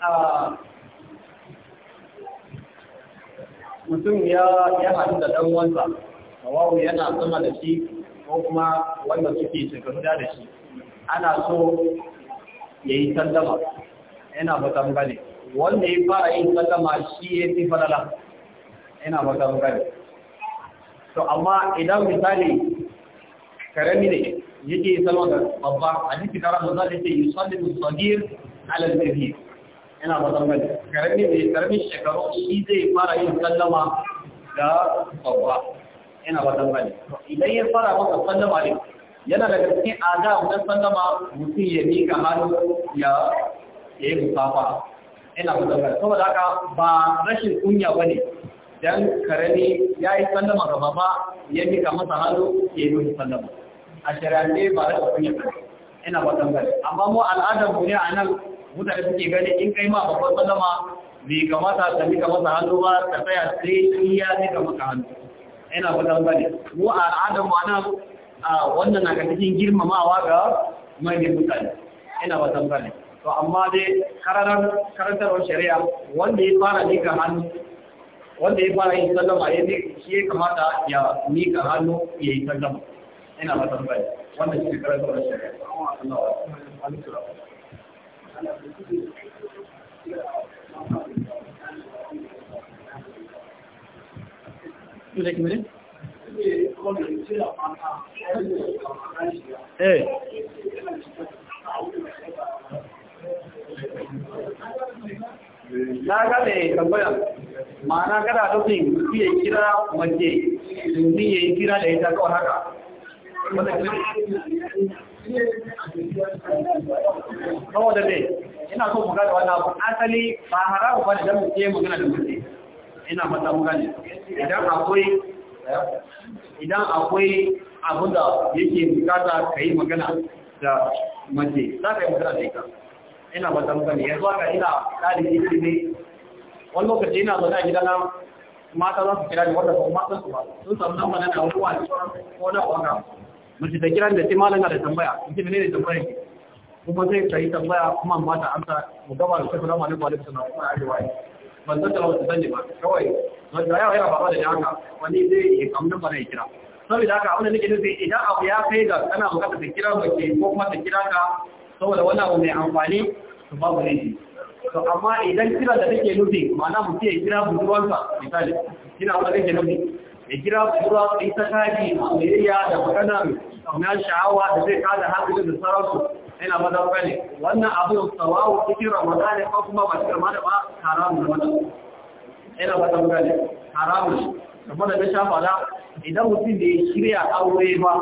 a mutum ya haɗu da ɗan wansa kawawu yana sama da shi ko kuma wanda suke shekaru da shi ana so ya yi sallama yana bakan gane wanda ya fara yin sallama shi ya fi falala yana bakan gane to amma idan misali karami ne yake salon da babba a jiki tara maza da yake yusallimu sadir ala al-kabir ina ba zan karami ne karami shekaru shi zai fara yin sallama da babba ina ba zan idan ya fara maka sallama ne yana da cikin aga na sallama mutum ya mika hannu ya yi musafa ina ba zan bane saboda haka ba rashin kunya bane dan karami ya yi sallama gaba baba ya yi ka masa hannu ya yi masa sallama a shari'ance ba da kafin ya ina ba gari amma mu al'adar mu ne a nan mutane suke gani in kai ma babban sallama bai kamata ta mika masa hannu ba ta tsaya sai shi ya mika maka hannu ina ba gari mu al'adar mu a nan wannan na ga cikin girmamawa ga manyan mutane ina ba gari to amma dai karantarwar shari'a wanda ya fara mika hannu wanda ya fara yin sallama ya ne shi ya kamata ya mika hannu ya yi sallama ina ba tambaya wanda shi ne karanta wani shari'a Tuzak mene? Eh. Na gane tambaya. ma'ana gada nufin mutum ya kira mace mutum ya yi kira da ita kawai haka saboda dai ina so mu gada wannan abu asali ba haramu ba da mu ke magana da mutane ina mata mu gane idan akwai idan akwai abin da yake bukata ka yi magana da mace za ka yi magana da ita ina mata mu gane yanzu haka ina ɗalibi ne wani lokaci ina zaune a gidana mata za su kira ni wanda ba matan su ba sun samu nan mana na ruwa ne ko na waka mace ta kira da ce malama da tambaya in ce menene tambayar ki kuma zai tayi tambaya kuma ba ta amsa mu gaba da sai salamu alaikum alaikum salam kuma ajewa ban san da wasu sani ba kawai ban da yawa yawa baba da haka wani zai yi kamar ba zai kira saboda haka abin da nake nufi idan abu ya kai ga kana bukatar ta kira mace ko kuma ta kira ka saboda wani abu mai amfani to babu laifi to amma idan kira da take nufi ma'ana mutum ya kira budurwarsa misali kira wanda take nufi ya kira budurwa ta ta kaji soyayya da magana na sha'awa da zai kada hankalin da sarautu yana ba da bane wannan abu sawawu cikin ramadan ne ko kuma ba cikin ramadan ba haramun ramadan yana ba da bane haramun kamar da ta shafa da idan mutum da ya shirya aure ba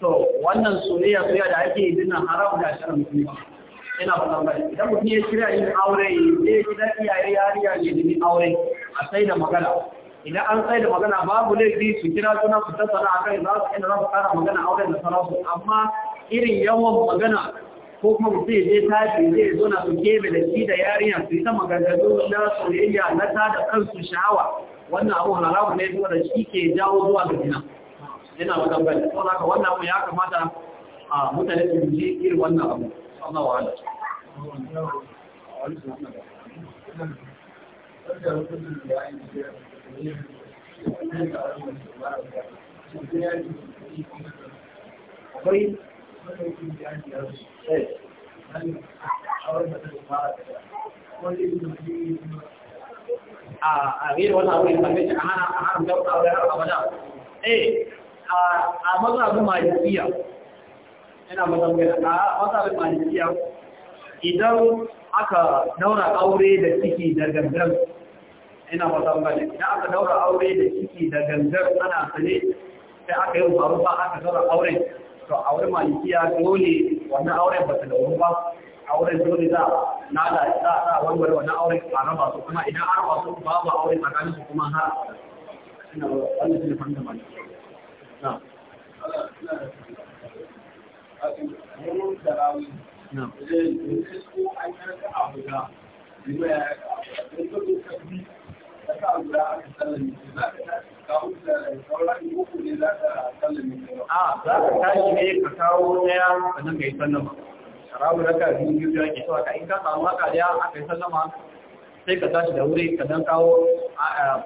to wannan soyayya soyayya da ake yi dinnan haramu da shirin mutum ba ina ba lambari idan mutum ya shirya yin aure ne gidan iyaye yariya ne yin aure a sai da magana idan an sai da magana babu laifi su kira suna su tattara a kai za su ina za su kara magana auren da sauransu amma irin yawan magana ko kuma mutum je tashi zai zo na su kebe da shi da yarinya su yi ta maganganu na soyayya na ta da kansu sha'awa wannan abu haramu ne zuwa da shi ke jawo zuwa ga jina yana ba lambari saboda wannan abu ya kamata a mutane su ji irin wannan abu a wa'ala. Akwai a rere wani abu da a hana a haramta a wadda a wadda eh a mazabin ina mazamgana a matsalin malikiya idan aka daura aure da ciki da gangan ina mazamgana idan aka daura aure da ciki da gangan ana sane sai aka yi ba aka daura auren to aure malikiya dole wannan auren ba ta dauru ba auren dole za na da za a warware wannan aure a raba su kuma idan an raba su babu aure tsakanin su kuma har ina wannan shi ne fanta malikiya na sannan ka yi sallama rawu raka biyu biyu in ka daya aka yi sallama sai ka tashi da wuri ka dan kawo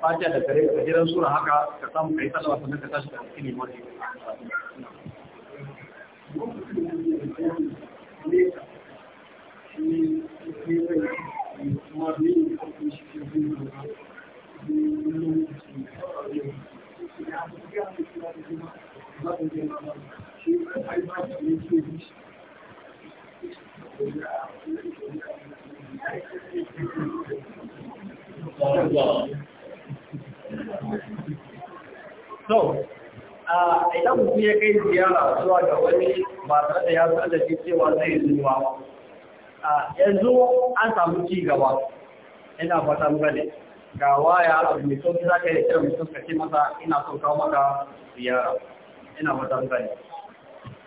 fatiha da kare ka jiran sura haka ka samu ka yi sallama sannan ka tashi da cikin limon So, idan mutum ya kai ziyara zuwa ga wani ba tare da ya san da shi cewa zai zuwa yanzu an samu ci gaba ina fata gane ga waya abu mai sauki za ka yi kira mutum ka ce masa ina son kawo maka ziyara ina fata gane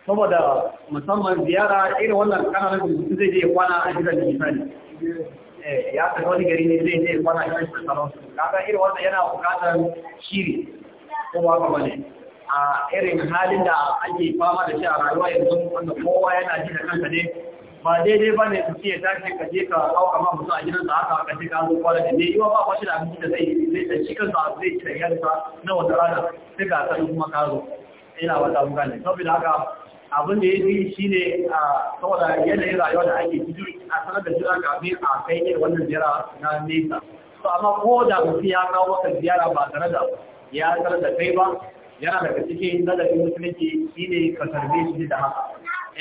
saboda musamman ziyara irin wannan kananan mutum zai je kwana a gidan misali eh, ya tafi wani gari ne zai je kwana a gidan misali kaga irin wannan yana bukatar shiri ko ba ka bane a irin halin da ake fama da shi a rayuwa yanzu wanda kowa yana ji da kanka ne ba daidai ba ne su ce ce ka je ka hau kama musu a sa haka ka je ka zo kwallon da ne yiwa ba ba shi da abinci da zai zai da shi kansa zai ci da yarsa na wata rana sai ka sai kuma ka zo ina wata ne saboda haka abin da ya fi shi ne a saboda yanayin rayuwa da ake ciki a sanar da jira kafin a kai ne wannan ziyara na nesa to amma ko da mutum ya kawo maka ziyara ba tare da ya sanar da kai ba yana daga cikin ladabi musulunci shi ne ka tarbe shi da haka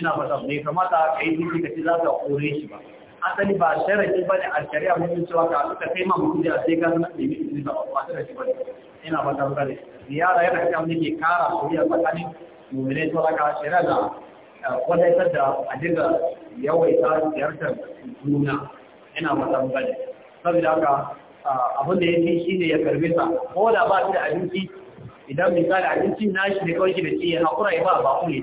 ina ba bai kamata ka yi jiki ka ci za ka kore shi ba asali ba sharaɗi ba ne a shari'a mutum cewa ka suka kai ma mutum da sai ka nuna ɗaya mutum da ba ta da shi ba ina ba ta bane ziyara yana cikin abin da ke kara soyayya tsakanin mummunai to haka shari'a da eh, wadatar da a dinga yawaita ziyartar juna ina ba ta bane saboda haka ah, abin da ya fi shi ne ya karbe sa ko da ba shi da abinci idan misali na shi ne kawai da ciye haƙura ya ba ba kuma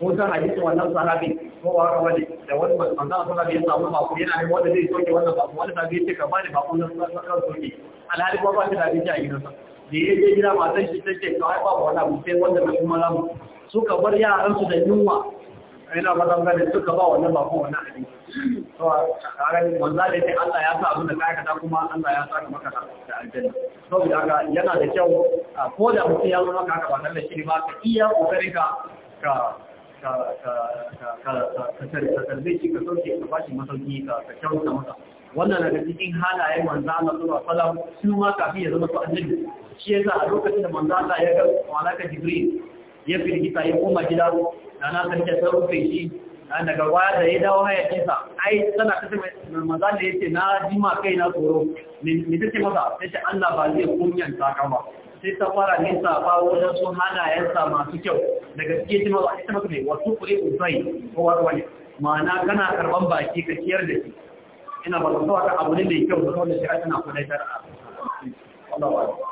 ko san hadisin wannan sahabi ko wa wani da wani manzon sahabi ya samu ba ku yana da wanda zai soke wannan ba wani sahabi ya ce ka bani ba ku nan sakar soke alhali ko ba shi da abinci a gidansa da ya je gida matan shi take kawai ba ba wani sai wanda ba kuma lamu su ka bar yaran su da yunwa ina ba zan da suka ba wannan ba ku wannan abinci wanda da ce Allah ya sa abin da ka ta kuma Allah ya sa ka maka da aljanna saboda haka yana da kyau ko da mutum ya zo ka ba tare da shiri ba ka iya kokarin ka ka ka tarbe shi ka sauke ka ba shi masauki ka masa wannan daga cikin halaye manzo Allah sallallahu alaihi wasallam su ma kafin ya zama su annabi shi yasa a lokacin da manzo Allah ya ga malaka Jibril ya firgita ya koma gida da na ta rufe shi Daga daga wada ya dawo haya kisa ai tana kace mai manzan da yace na jima kai na tsoro ni maka masa ce Allah ba zai kunyan saka ba sai ta fara nisa ba wajen sun halayensa masu kyau daga suke jima ba ita maka ne wasu kuri usai ko wani ma'ana kana karban baki ka ciyar da shi ina ba ta abu ne mai kyau da kawai da shi tana kudai tara a